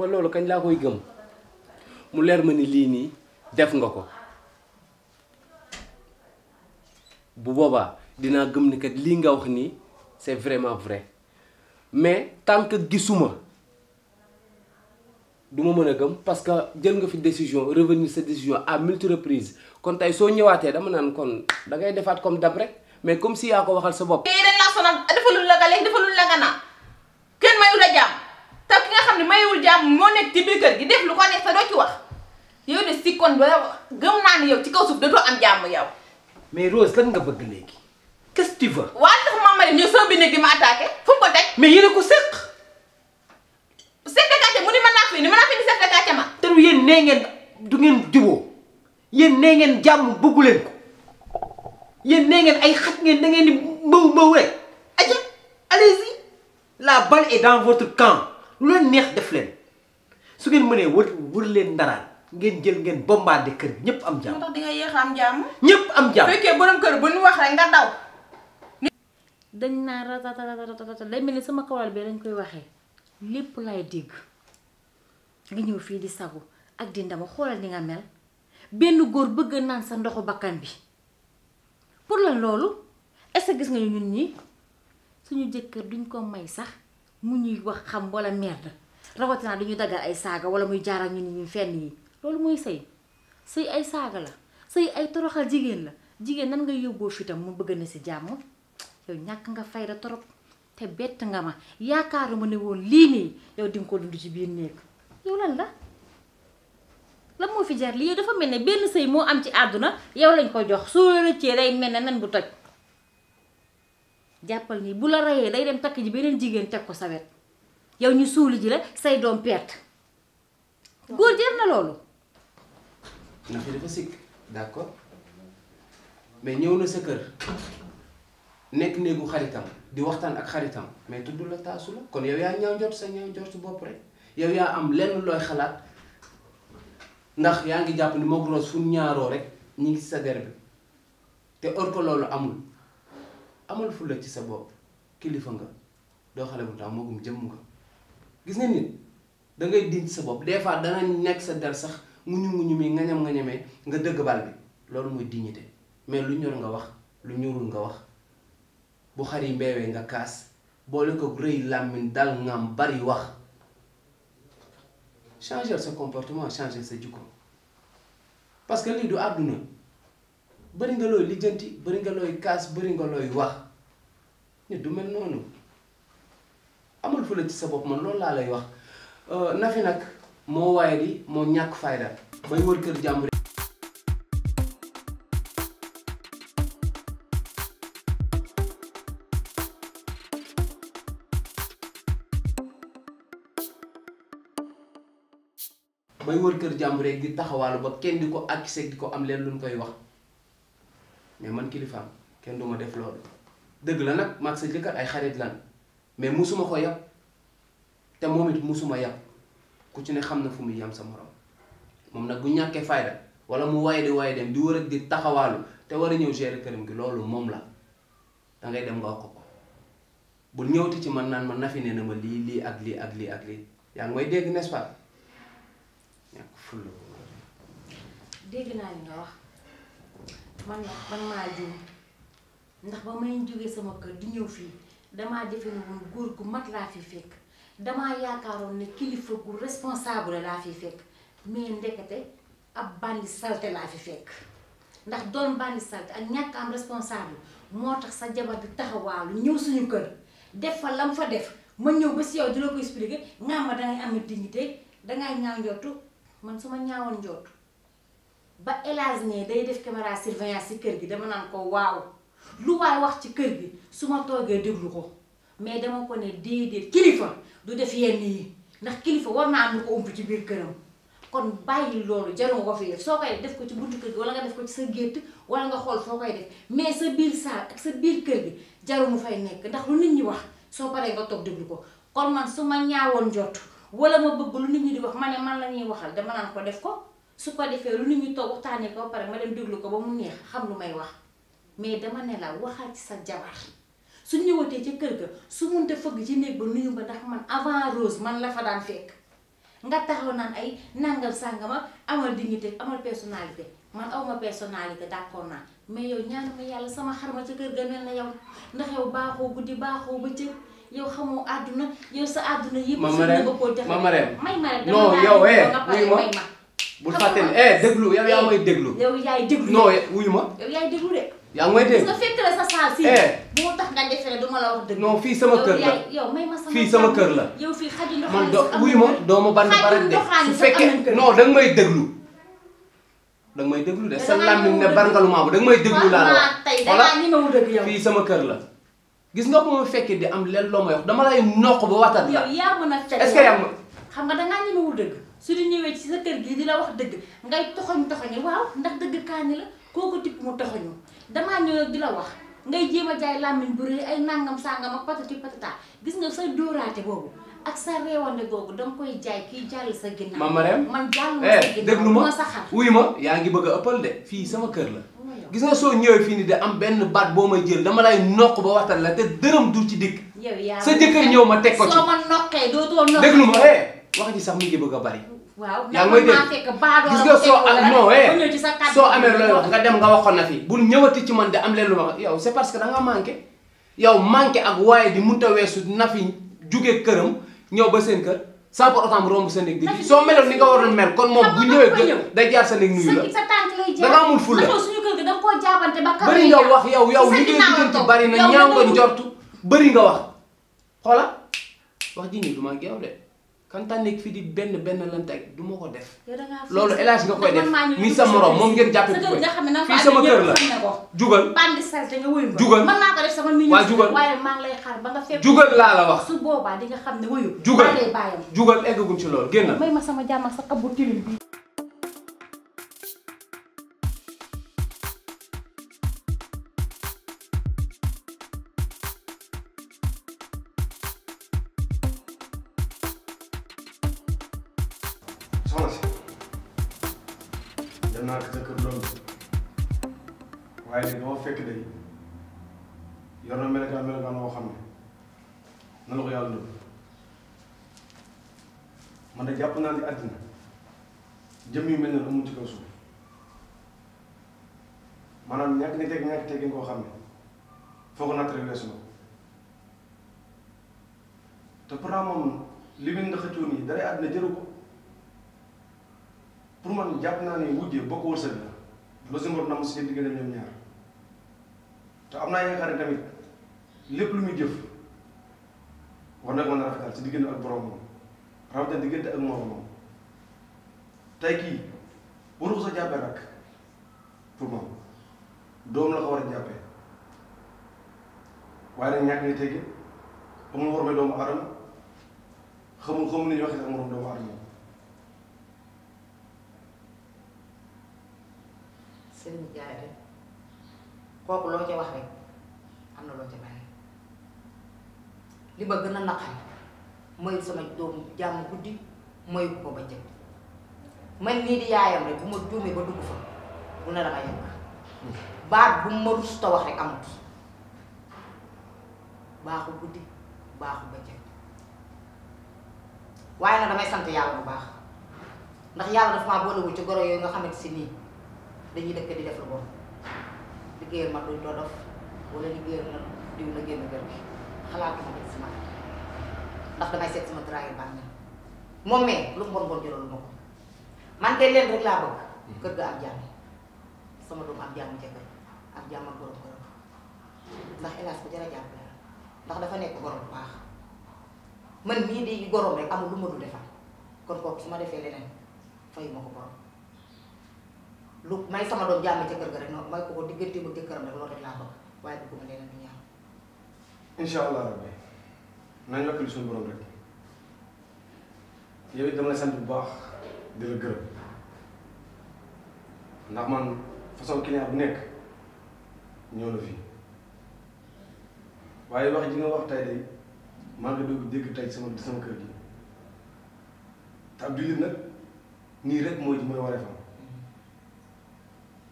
ma loolu kañ laa koy gëm mu leer ma ni lii nii def nga ko bu boobaa dinaa gëm ni kat lii nga wax nii c'est vraiment vrai mais tant que gisuma duma mën a gëm parce que jël nga fi décision revenir sa décision à multi reprises kon tey soo ñëwaatee dama naan kon da ngay defaat comme d'hab rek mais comme si yaa ko waxal sa bopp. tey dañ laa sonal defalul la nga lekk defalul la nga naan. jàmm moo nekk ci kër gi def lu ko neex sa doo ci wax yow ne yow ci kaw suuf dootoo am jàmm yow. mais Rose lan nga bëgg léegi. qu'est-ce que tax maama dem ñëw sama biir néeg di ma attaqué fu mu ko teg. mais yéen a ko seq. chef de quartier mu ni mën naa fi ni mën naa fi ni chef de ma. te yéen nee ngeen du ngeen juboo yéen nee ngeen jàmm bëggu ko yéen nee ngeen ay xat ngeen da di mbaw mbaw rek. ayca allez-y la balle est camp lu leen neex def leen. su ngeen mënee wër wër leen ndaraan ngeen jël ngeen bombardé kër gi ñëpp am jàmm. moo tax di nga yéex am jàmm. ñëpp am jàmm fekkee borom kër bu ñu wax rek nga daw. dañ naa ratatatatata day mel ni sama kawal bi dañ koy waxee lépp lay dégg nga ñëw fii di sagu ak di ndama xoolal ni nga mel benn góor bëgg naan sa ndoxu bakkan bi pour lan loolu est-ce que gis nga ñun ñi suñu jëkkër duñ ko may sax mu ñuy wax xam wala merde. rawatina du ñu daggal ay saaga wala muy jaar ak ñun ñu fenn yi loolu mooy sëy sëy ay saaga la sëy ay toroxal jigéen la jigéen nan ngay yóbboo fitam mu bëgg na si jàmm yow ñàkk nga fayda torop te bett nga ma yaakaaruma ne woon lii nii yow di ci biir néeg yow lan la lan fi jar lii dafa mel ne benn sëy moo am ci àdduna yow lañ ko jox soo la rëccee day mel ne nan bu toj jàppal nii bu la reyee day dem takk ji beneen jigéen teg ko sa wet yow ñu suuli ji la say doom perte góor jër na loolu ndax dafa sikk d'accord mais ñëw na sa kër nekk néegu xaritam di waxtaan ak xaritam mais tudd la taasu kon yow yaa ñaaw njort sa ñaaw njort bopp rek yow yaa am lenn looy xalaat ndax yaa ngi jàpp ni moog Rose fu ñaaroo rek ñi ngi ci sa der bi te or ko loolu amul amul fulla ci sa bopp kilifa nga doo xale bu ndaw moogum jëmm nga gis nga nit da ngay dinc sa bopp des fois dana nekk sa der sax nguñu nguñu mi ngañam ngañamee nga dëgg bal bi loolu mooy dignité mais lu ñor nga wax lu ñuurul nga wax bu xar yi mbeewee nga kaas boole ko rëy làmmiñ dal ngam bari wax changer sa comportement changer sa jikko parce que lii du àdduna bëri nga looy lijjanti bëri nga looy kaas bëri nga looy wax nit du mel noonu amal fu ci sa bopp man loolu laa lay wax euh, Nafi nag moo waaye di moo ñàkk fayda bay wër kër jàmbur bay wër di taxawaalu ba kenn di ko accès di ko am leen luñ koy wax mais man kilifaam kenn du def loolu dëgg la nag maag sa jëkkër ay xarit lan mais musuma ko yàpp te moom it musuma yàpp ku ci ne xam na fu muy yam sa moroom moom nag bu ñàkkee fayda wala mu waaye di waaye dem di wër ak di taxawaalu te war a ñëw gérer këram gi loolu moom la dangay dem nga wax ko ko bu ñëwti ci man naan ma nafi ne na ma lii lii ak lii ak lii ak lii yaa may dégg n'est-ce pas ñàkk fulla dégg naa li nga wax man man maa juum ndax ba may jógee sama kër di ñëw fii damaa jëfandikoo góor gu mag laa fi fekk damaa yaakaaroon ne kilifa gu responsable laa fi fekk mais ndekete ab bandi salte laa fi fekk ndax doon bandi salte ak ñàkk am responsable moo tax sa jabar di taxawaalu ñëw suñu kër def fa lam fa def ma ñëw ba si yow di la ko expliquer nga ma dangay am dignité dangay ñaaw njottu man su ma ñaawoon njottu ba élage ne day def caméra surveillance si kër gi dama naan ko waaw lu waay wax ci kër gi su ma toogee déglu ko mais dama ko ne déedéet kilifa du def yenn yi ndax kilifa war naa am lu ko ump ci biir këram kon bàyyi loolu jarul ko fi soo def ko ci buntu wala nga def sa gétt wala nga xool foo koy mais sa biir saal sa biir kër gi jarul fay nekk ndax lu nit ñi wax soo paree nga toog déglu ko kon man su ma ñaawoon jot wala ma bëgg lu nit ñi di wax ma ne man la ñuy waxal dama naan ko def ko su ko defee lu nit ñi toog waxtaanee ko ba pare ma leen déglu ko ba mu neex xam lu may wax. mais dama ne la waxal ci sa jabar su ñëwatee ca kër ga su munte fëgg ci néeg ba ba ndax man avant Rose man la fa daan fekk nga taxaw naan ay nangal sàngama amal dignité amal personnalité man awma personnalité naa mais yow ñaanu ma yàlla sama xarma ca kër ga mel na yow ndax yow baaxoo guddi baaxoo bëccëg yow xamoo àdduna yow sa àdduna yëpp. ma marem ma marem may marem non yow eh wuyu ma bul fàtte ne eh déglu yow yaa may déglu. yow yaay déglu non eh, wuyu ma. yow yaay déglu de. yaa ngi may dégg nga fekk la sa saal si. Eh. bu mu tax nga defee du la wax fii sama kër la yow may fii sama kër la. yow fii xaju ndoxaan man do wuyu ma doo ma band bare de su fekkee non danga may déglu. danga may déglu de sa làmmiñ ne barngalumaa bu danga may déglu laa la wax. voilà fii sama kër la. gis nga bu ma fekkee di am lenn loo may wax dama lay noq ba waxtaan la. yow yaa mën a est xam nga dangaa ñemewul dëgg si di ñëwee ci sa kër gii di la wax dëgg ngay toxoñ toxoñi waaw ndax dëgg kaani la kooku tibb mu toxoñu damaa ñëw di la wax ngay jéem a jaay làmmiñ bu rëy ay nangam sangam ak patati patata gis nga sa dóoraate boobu ak sa réewande googu dama koy jaay kiy jàll sa ginnaaw. ma Marème man jàll ma sa eh, ginnaaw ma sa yaa ngi bëgg a ëppal de fii sama kër la. gis nga soo ñëwee fii nii de am benn baat boo may jël dama lay noq ba waxtaan la te dërëm du ci dikk. yow yaa sa jëkkër ñëw ma teg ko ci soo ma noqee dootoo noq. déglu ma eh wax ji sax mi ngi bëgg a bari waaw yaa ngi may dégg gis nga soo am non eh soo amee looy wax nga dem nga waxoon na fi bu ñëwati ci man de am leen lu wax yow c'est parce que da nga manqué yow ak waaye di mënta weesu na fi jugee këram ñëw ba seen kër sans pour autant mu romb sa néeg di soo meloon ni nga waroon mel kon moom bu ñëwee day jaar sa néeg nuyu la da nga amul ful la bëri nga wax yow yow li ngay diggante bari na ñaaw nga njortu bëri nga wax xoola wax ji nii du kantaan nekk fii di benn benn lante ak du ma ko def. loolu élage nga koy def mi sa morom moom ngeen jàppee ko fii sama kër la jugal. jugal waaw jugal jugal laa la wax. jugal jugal eggaguñ ci loolu génn. may ma sama jàmm ak sa xabu tilim soxna si dem naa ko sa kër waaye léegi boo fekk day yor na melokaan melokaan boo xam ne na la ko yàlla loolu man de jàpp naa ni àddina jëm yu mel ne amul ci kaw suuf ñàkk ni teg ñàkk teggin koo xam ne foo ko natt rek weesu na ko te pourtant moom li muy ndax a yi dara àddina jëru pour man jàpp naa ne wujje bokk wërsëg la ba si mbor na si seen diggante ñoom ñaar te am naa yaakaar ne tamit lépp lu muy jëf war na ko mën a ak borom moom rawatina kii waru ko sa jàppee rak pour moom doom la ko war a jàppee waaye nag ñàkk ni tegi amul war ma doomu aadama xamul xamul ni ñu waxee ak morom doomu aadama sëriñ jaay loo ca wax rek am na loo ca bàyyi li ma gën a naqari mooy sama doom jàmm guddi mooy ko ba jëkk man nii di yaayam rek bu ma juumee ba dugg fa bu ne dama yàq baat bu ma rus wax rek amut baaxu guddi baaxu ba jëkk waaye nag damay sant yàlla bu baax ndax yàlla dafa maa boolewul ci goro yooyu nga xamante si nii dañuy dëkk di def lu bon liggéeyal ma duñ doo dof wala liggéeyal na diw na génn kër gi xalaatuma dem si man ndax damay seet sama draayir baax moom mais lu mu bon bon jëloon ma ko man de leen rek laa bëgg kër ga am jàmm sama doom am jàmm jëkkër am jàmm ak borom këram ndax hélas ko dafa nekk borom bu baax man mii di goroom rek amul lu ma du defal kon kooku su ma defee leneen fayu ma ko borom lu may sama doom jàmm ca kër ga rek may ko ko diggante ba jëkkëram rek loolu rek laa bëgg waaye bëgguma leneen du ñaaw. incha allah rabbi nañ la suñu borom rek yow dama lay sant bu baax di la gërëm ndax man façon client bu nekk ñëw la fi waaye wax ji nga wax tey de maa ngi doog dégg tey sama sama kër gi te nag nii rek mooy mooy waree fam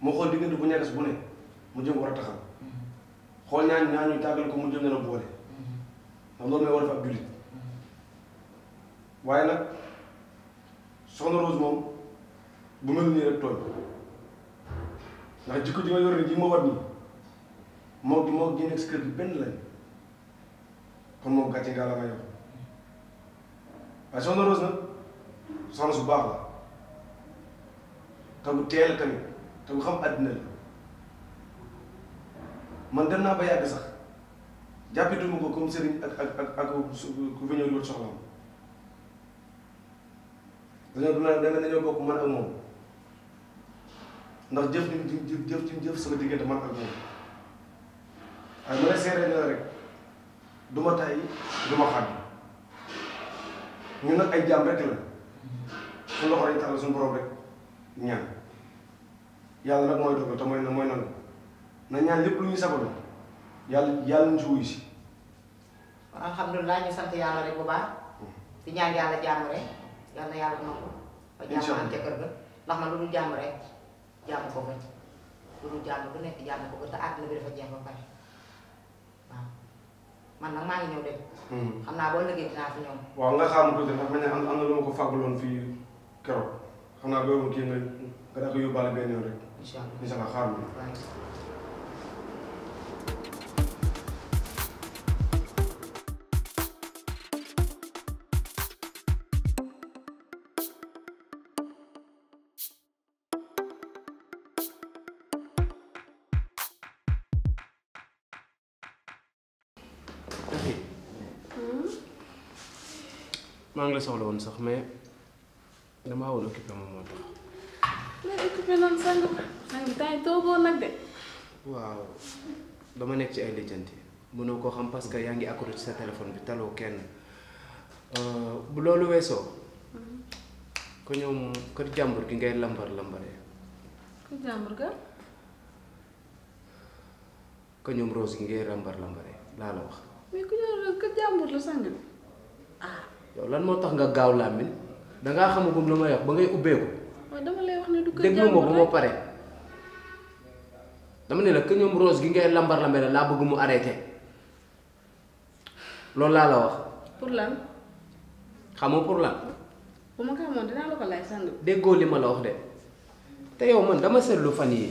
moo xool diggante bu ñagas bu mu jëm war a taxaw xool ñaan ñaan ñu tàggal ko mu jëm leen a boole ndax loolu mooy war a fa ab jullit waaye nag soxna Rose moom bu mel nii rek tooñ jikko ji ma yor ni ji war nii moo gi moo gi nekk si kër gi benn lañ kon moom gàcce nga la ma yor Rose nag soxna su baax la te bu teel tamit te ku xam àddina la man dem naa ba yàgg sax jàppituma ko comme sëriñ ak ak ak ak ku fi ñëw di wut dañoo du naa danga dañoo bokk man ak moom ndax jëf jim jëf jëf jim jëf sama diggante man ak moom waaye ma ne seeree na rek du ma tàyyi du ma xàdd nag ay jaam rek la suñu loxo rek ñaan yàlla nag mooy dogal te mooy mooy na ñaan lépp lu ñuy sababu yàlla yàlla ñu si na yàlla nangu. nag maa ngi ñëw dem. Hmm. xam naa boo liggéey dinaa fi ñëw. waaw nga xam tuuti ndax man am na lu ko fàggaloon fii keroog xam naa boobu kii nga nga yóbbaale benn rek. incha allah incha allah xaar maa ngi la soxla woon sax mais mais occupé nekk ci ay lijjanti mënoo koo xam parce que yaa ngi accro ci sa téléphone bi taloo kenn euh, bu loolu weesoo. kër jàmbur gi ngay lambar lambaree. kër jàmbur ga. laa la wax. kër jàmbur la sang bi ah. yow lan moo tax nga gaaw làmmiñ dangaa xamagum la may wax ba ngay ubbeeku. man dama lay wax ne du kër jàmbur déglu ma ba ma pare dama ne la que rose gi ngay lambar lambe la laa bëgg mu arrêté loolu laa la wax. pour lan. xamoo pour lan. bu ma ko xamoon dinaa la ko laaj sànq. déggoo li ma la wax de te yow man dama seetlu fan yii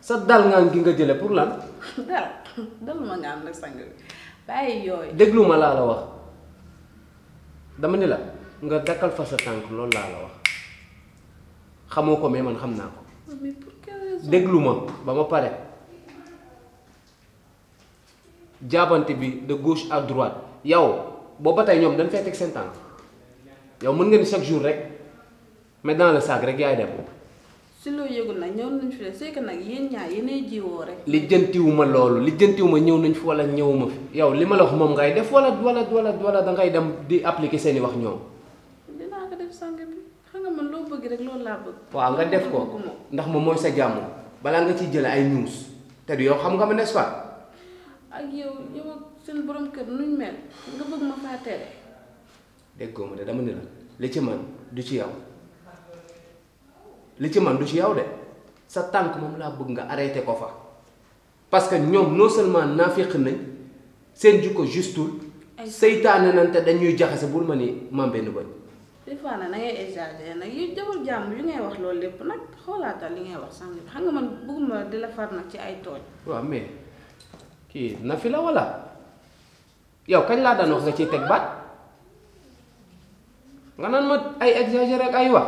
sa dal ngaan gi nga jële pour lan. dal dal ma ngaan nag sànq bi bàyyi yooyu. déglu ma laa la wax dama ne la nga dakkal fa sa tànk loolu laa la wax. xamoo ko mais man xam naa ko ah, déglu ma ba ma pare jaabante bi de gauche à droite yow booba tey ñoom dañ fee teg seen tànk yow mën nga ni chaque jour rek mais dans le sac rek yaay dem. si loo yëgul nag ñëw nañ fi c'est que nag yéen ñaar yéenay jiwoo rek. lijjantiwuma loolu lijjantiwuma ñëw nañ fi wala ñëwuma fi yow li ma la wax moom ngay def wala wala wala wala da ngay dem di appliquer seeni wax ñoom. non loo bëgg rek loolu laa bëgg. waaw nga def ko ndax moom mooy sa jàmm balaa nga ciy jële ay news te du yow xam nga ma n'est-ce ak yow yow borom kër nuñ mel nga de dama ne li ci man du ci yow li ci man du ci yow de sa tànk moom laa bëgg nga arrêté ko fa parce que ñoom non seulement naafiq nañ seen jikko justul. seytaane nante te dañuy jaxase bul ma ni mam benn bañ. des fois nag na nag yi jabar jàmm yu ngay wax loolu lépp nag xoolaatal li ngay wax sànq xam nga ma bëgguma di la far nag ci ay tooñ. waaw mais kii na fi la wala yow kañ laa daan wax nga ciy teg baat nga naan ma ay exagéré ak ay wax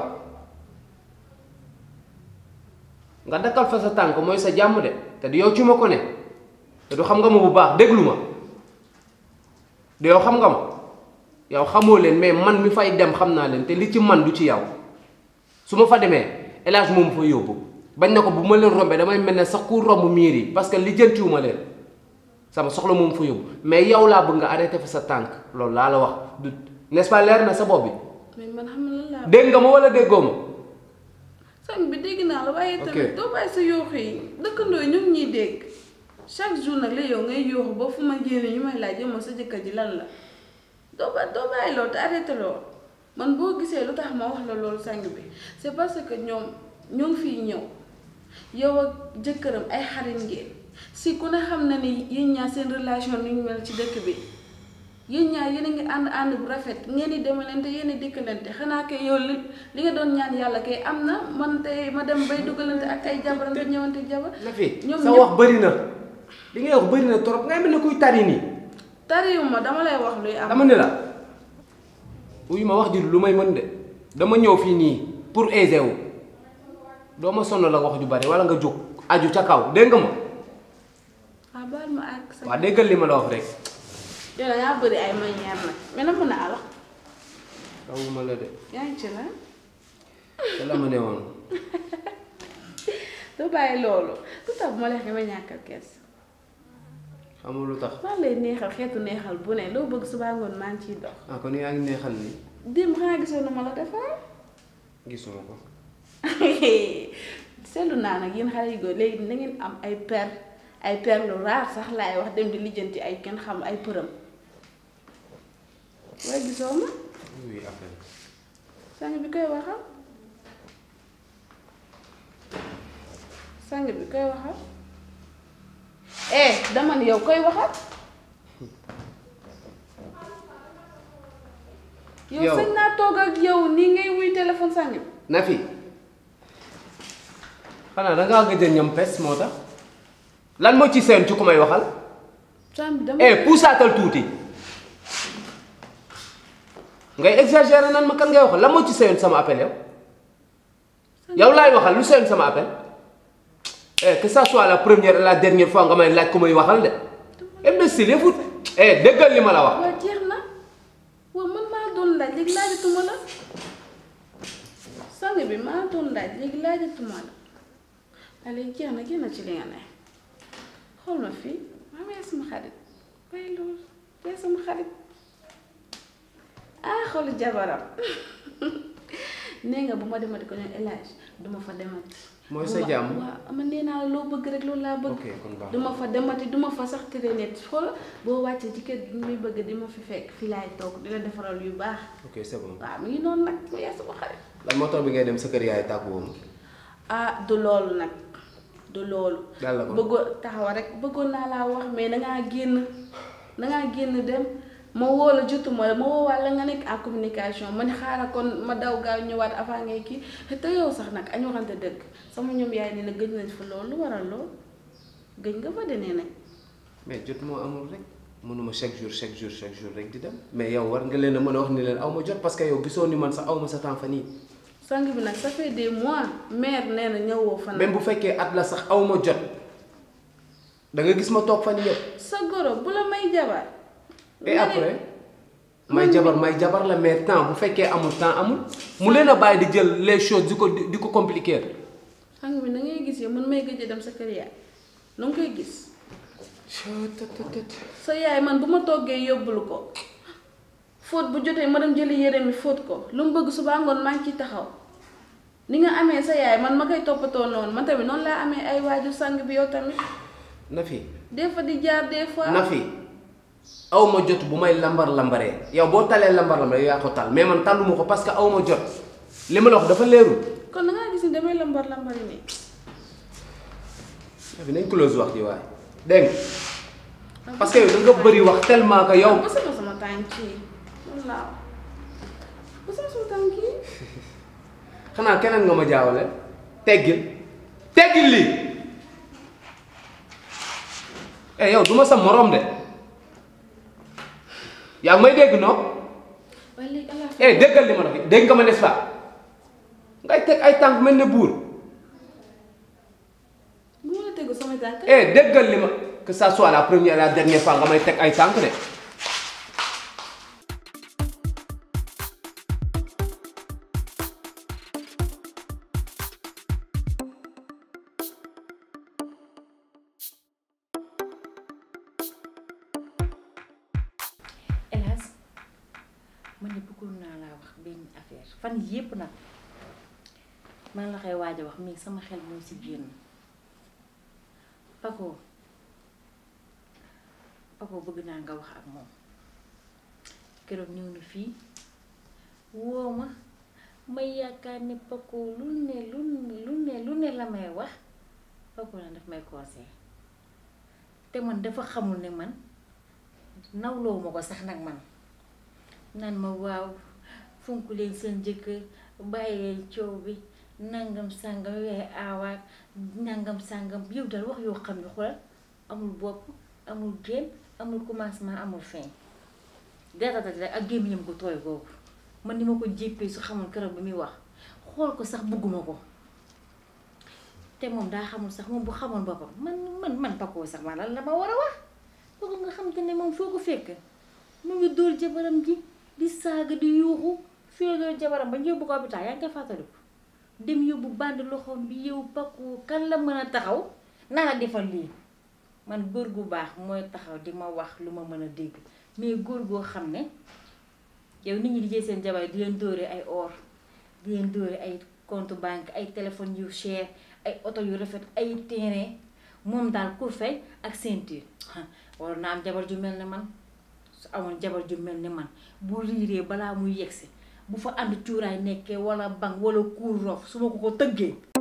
nga dakkal fa sa tànk mooy sa jàmm de te du yow ci ma ko ne te du xam nga ma bu baax déglu ma du yow xam nga ma. yow xamoo leen mais man mi fay dem xam naa leen te li ci man du ci yow su ma fa demee El moom fa yóbbu bañ na ko bu ma leen rombee damay mel ne sax ku romb miir yi parce que li jëntiwuma leen sama soxla moom fa yóbbu mais yow laa bëgg nga arrêté fa sa tànk loolu laa la wax du n'est-ce leer na sa bopp bi. mais dégg nga ma wala déggoo bi dégg naa la waaye tamit doo bàyyi sa yooxu yi dëkkandoo yi ñoom ñuy dégg chaque jour nag la yow ngay yooxu ba fu ma génn ñu may laaj yow sa jëkkër ji la. doo ba doo bàyyi loolu te arrêté man boo gisee lu tax ma wax la loolu sang bi c'est parce que ñoom ñoo fii ñëw yow ak jëkkëram ay xarit ngeen si ku ne xam na ni yéen ñaar seen relation nu ñu mel ci dëkk bi yéen ñaar yéen a ngi ànd ànd bu rafet ngeen di demalante yéen a dikkalante xanaa kay yow li li nga doon ñaan yàlla kay am na man te ma dem bay dugalante ak ay jabaram nga ñëwante jabar. ñoom sa wax bëri na li ngay wax bari na trop ngay mel ne kuy tari nii. tariw dama lay wax luy am. dama ne la uyu ma wax ji lu may mën de dama ñëw fii nii pour aisé wu doo ma sonn la wax ju bari wala nga jóg aju ca kaw dégg nga ma. waaw ah, ma àgg sa. waaw déggal li ma la wax rek. yow da ngaa ay manière nag na mën a ala. xawuma la de. yaa la. te la ma ne woon. du bàyyi loolu tout à ma lay ma ñàkkal kees. amul lu tax. lan lay neexal xeetu neexal bu ne loo bëgg subaa ngoon maa ngi ciy dox. ko ah, kon yaa ngi neexal nii. démb xanaa gisoon na ma la defar. gisuma ko. seetlu naa nag yéen xale yu góor léegi na ngeen am ay per ay per lu raar sax laay wax dem di lijjanti ay kenn xam ay përëm. waaye gisoo ma. bi. sang bi koy waxal. sang bi koy waxal. eh dama yow koy waxal. yow yow sëñ naa toog ak yow nii ngay wuy téléphone sànni. na fi xanaa da ngaa gëj a ñam pes moo tax lan moo ci seen ci ku may waxal. sànni dama eh tuuti. ngay exagéré nan ma kan ngay waxal lan moo ci seen sama appel yow. yow laay waxal lu seen sama appel. Eh, que ça soit la première la dernière fois nga may laaj ko may waxal de. imbécile yëfut eh li ma la wax. waaw jeex na waaw man maa doon laaj léegi laajatuma la sang bi maa doon laaj léegi laajatuma la allez jeex na génn ci li nga ne xool ma fii maa ngi sama xarit xarit ah xoolu jabaram. nee nga bu ma demati ko ne élage du fa demati. mooy sa jàmm waaw man nee naa loo bëgg rek loolu laa bëgg. du ma fa demati du ma fa sax tëddee net xool boo wàccee ci kër gi muy bëgg di ma fi fekk fi laay di dina defaral yu baax. ok c'est bon waaw mi ngi noonu nag mu yaa sama xarit. lan moo tax bi ngay dem sa kër yaay tàggu ah du loolu nag du loolu. bëggoon taxaw rek bëggoon naa laa wax mais dangaa génn na ngaa génn dem. ma woo la jotuma la ma woowaat la nga nekk à communication ma ne xaaral kon ma daw gaaw ñëwaat avant ngay kii te yow sax nag añ waxante dëgg sama ñoom yaay nee na gëj nañ fa loolu lu waral lool gëj nga fa de nee mais jot moo amul rek mënuma chaque jour chaque jour chaque jour rek di dem mais yow war nga leen a mën a wax ni leen aw ma jot parce que yow gisoo ni man sax aw ma sa temps fan yii. sang bi nag ça fait des mois mère nee na ñëwoo fan. même bu fekkee at la sax aw ma jot da nga gis ma toog fan yëpp. sa goro bu la may jabar. et après may jabar may jabar la mais temps bu fekkee amul temps amul mu leen a bàyyi di jël les choses di ko di ko compliquer. xam nga na ngay gis yow man may gëj dem sa kër yaay na nga koy gis. sa yaay man bu ma toggee yóbbulu ko fóot bu jotee ma dem jëli yére mi fóot ko lu mu bëgg suba ngoon maa ngi ciy taxaw ni nga amee sa yaay man ma koy toppatoo noonu man tamit noonu laa amee ay waajur sang bi yow tamit. Nafi. des fois di jaar des fois. Nafi. aw ma jot bu may lambar lambaree yow boo talee lambar lambaree yaa ko tal mais man talluma ko parce que aw ma jot li ma la wax dafa leerul. kon da ngaa gis ni damay lambar lambaree nii. fi nañ close wax ji waaye dégg nga ah, parce que yow da nga bëri wax tellement que yow. Ah, bësuma sama tànk yi wallaaw bësuma sama tànk yi. xanaa keneen nga ma jaawale teggil teggil lii eh yow du ma sa morom de. yaa ngi may dégg noo eh déggal li ma doon dégg nga ma n'est-ce pas ngay teg ay tànk mel ne buur. bu ma la tegu sama eh, déggal li ma que ça soit la première la dernière fois nga may teg ay tànk de. ne bëggoon naa laa wax benn affaire fan yépp nag man la koy waaj a wax mais sama xel moo si génn Paco Paco bëgg naa nga wax ak moom keroog ñëw fii woo ma may yaakaar ne Paco lu ne lu ne lu ne la may wax Paco na daf may conseil te man dafa xamul ne man nawloo ma ko sax nag man nan ma waaw fonk leen seen jëkkër bàyyi leen coow bi nangam sàngam sàngam yow dal wax yoo xam ne xoolal amul bopp amul génn amul commencement amul fin dara dara ak gémmiñam ko tooy googu man ni ma ko jéppee su xamul keroog bi muy wax xool ko sax bugguma ko te moom daa xamul sax moom bu xamoon boppam man man man sax man lan la ma war a wax boobu nga xam te ne moom foo ko fekk mu ngi dóor jabaram ji di saaga di yuuxu fuyee jabaram ba ñu yóbbu ko hôpital yaa ngi koy fàttaliku dem yóbbu band loxoom bi yow pakku kan la mën a taxaw nana defal lii man góor gu baax mooy taxaw di ma wax lu ma mën a dégg mais góor goo xam ne yow nit ñi liggéey seen jabar di leen dóore ay or di leen dóore ay compte banque ay téléphone yu cher ay oto yu rafet ay terrain moom daal ku fay ak ceinture war naa am jabar ju mel ne man su amoon jabar ju mel ni man bu liiree balaa muy yegsi bu fa ànd cuuraay nekkee wala bang wala kuur rof su ma ko ko tëggee